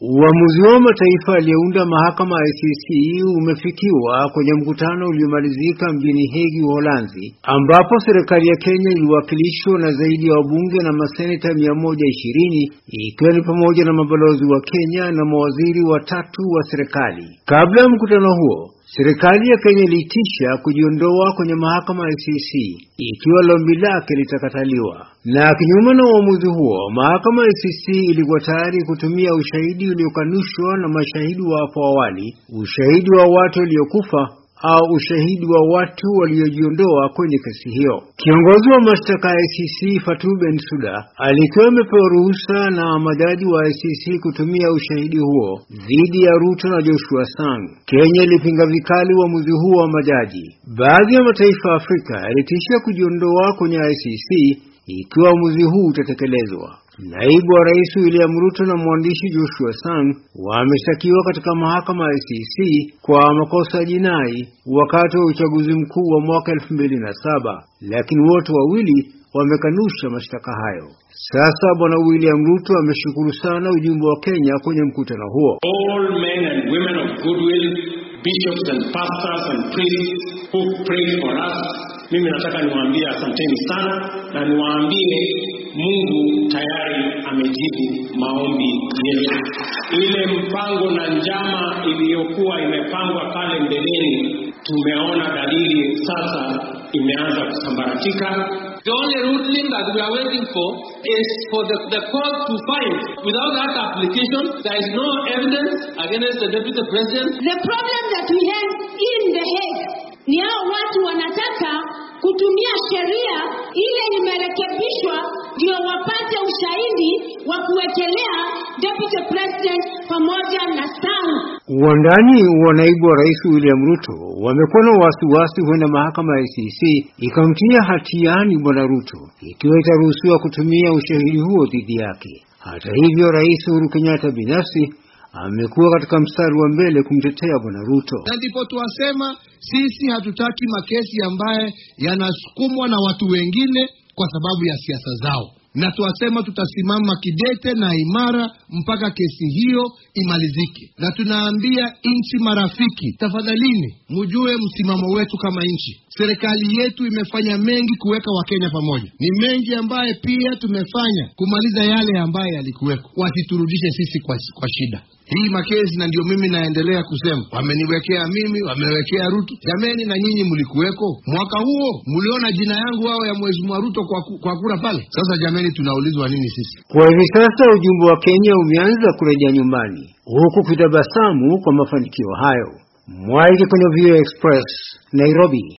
Uamuzi wa mataifa aliyeunda mahakama ya ICC umefikiwa kwenye mkutano uliomalizika mjini Hague, Uholanzi, ambapo serikali ya Kenya iliwakilishwa na zaidi ya wabunge na maseneta 120 ikiwa ni pamoja na mabalozi wa Kenya na mawaziri watatu wa serikali. Kabla ya mkutano huo Serikali ya Kenya iliitisha kujiondoa kwenye mahakama ya ICC ikiwa lombi lake litakataliwa. Na kinyume na uamuzi huo, mahakama ya ICC ilikuwa tayari kutumia ushahidi uliokanushwa na mashahidi wa hapo awali, ushahidi wa watu waliokufa au ushahidi wa watu waliojiondoa kwenye kesi hiyo. Kiongozi wa mashtaka ya ICC Fatou Bensouda alikuwa amepewa ruhusa na majaji wa ICC kutumia ushahidi huo dhidi ya Ruto na Joshua Sang. Kenya ilipinga vikali uamuzi huo wa majaji. Baadhi ya mataifa ya Afrika yalitishia kujiondoa kwenye ICC ikiwa uamuzi huu utatekelezwa. Naibu wa Rais William Ruto na mwandishi Joshua Sang wameshtakiwa katika mahakama ya ICC kwa makosa ya jinai wakati wa uchaguzi mkuu wa mwaka saba lakini wote wawili wamekanusha mashtaka hayo. Sasa Bwana William Ruto ameshukuru sana ujumbe wa Kenya kwenye mkutano huo. All men and women of goodwill, bishops and pastors and priests who pray for us mimi nataka niwaambie asanteni sana na niwaambie Mungu tayari amejibu maombi yetu. Ile mpango na njama iliyokuwa imepangwa pale mbeleni, tumeona dalili sasa imeanza kusambaratika. The only ruling that we are waiting for is for the, the court to find. Without that application, there is no evidence against the deputy president. The problem that we have in The Hague, sheria ile imerekebishwa ndio wapate ushahidi wa kuwekelea deputy president pamoja na SAU. Wandani wa naibu wa rais William Ruto wamekuwa na wasiwasi huenda mahakama ya ICC ikamtia hatiani bwana Ruto ikiwa itaruhusiwa kutumia ushahidi huo dhidi yake. Hata hivyo, rais Uhuru Kenyatta binafsi amekuwa katika mstari wa mbele kumtetea bwana Ruto, na ndipo tuwasema sisi hatutaki makesi ambaye yanasukumwa na watu wengine kwa sababu ya siasa zao, na tuwasema tutasimama kidete na imara mpaka kesi hiyo imalizike, na tunaambia nchi marafiki, tafadhalini mjue msimamo wetu kama nchi. Serikali yetu imefanya mengi kuweka Wakenya pamoja, ni mengi ambaye pia tumefanya kumaliza yale ambaye yalikuweko, wasiturudishe sisi kwa, kwa shida hii makezi, na ndio mimi naendelea kusema wameniwekea mimi, wamewekea Ruto. Jameni, na nyinyi mlikuweko mwaka huo, mliona jina yangu wao ya mheshimiwa Ruto kwa, ku, kwa kura pale. Sasa jameni, tunaulizwa nini sisi? Kwa hivi sasa ujumbe wa Kenya umeanza kurejea nyumbani huku kutabasamu kwa mafanikio hayo. Mwaiki kwenye Vio Express Nairobi.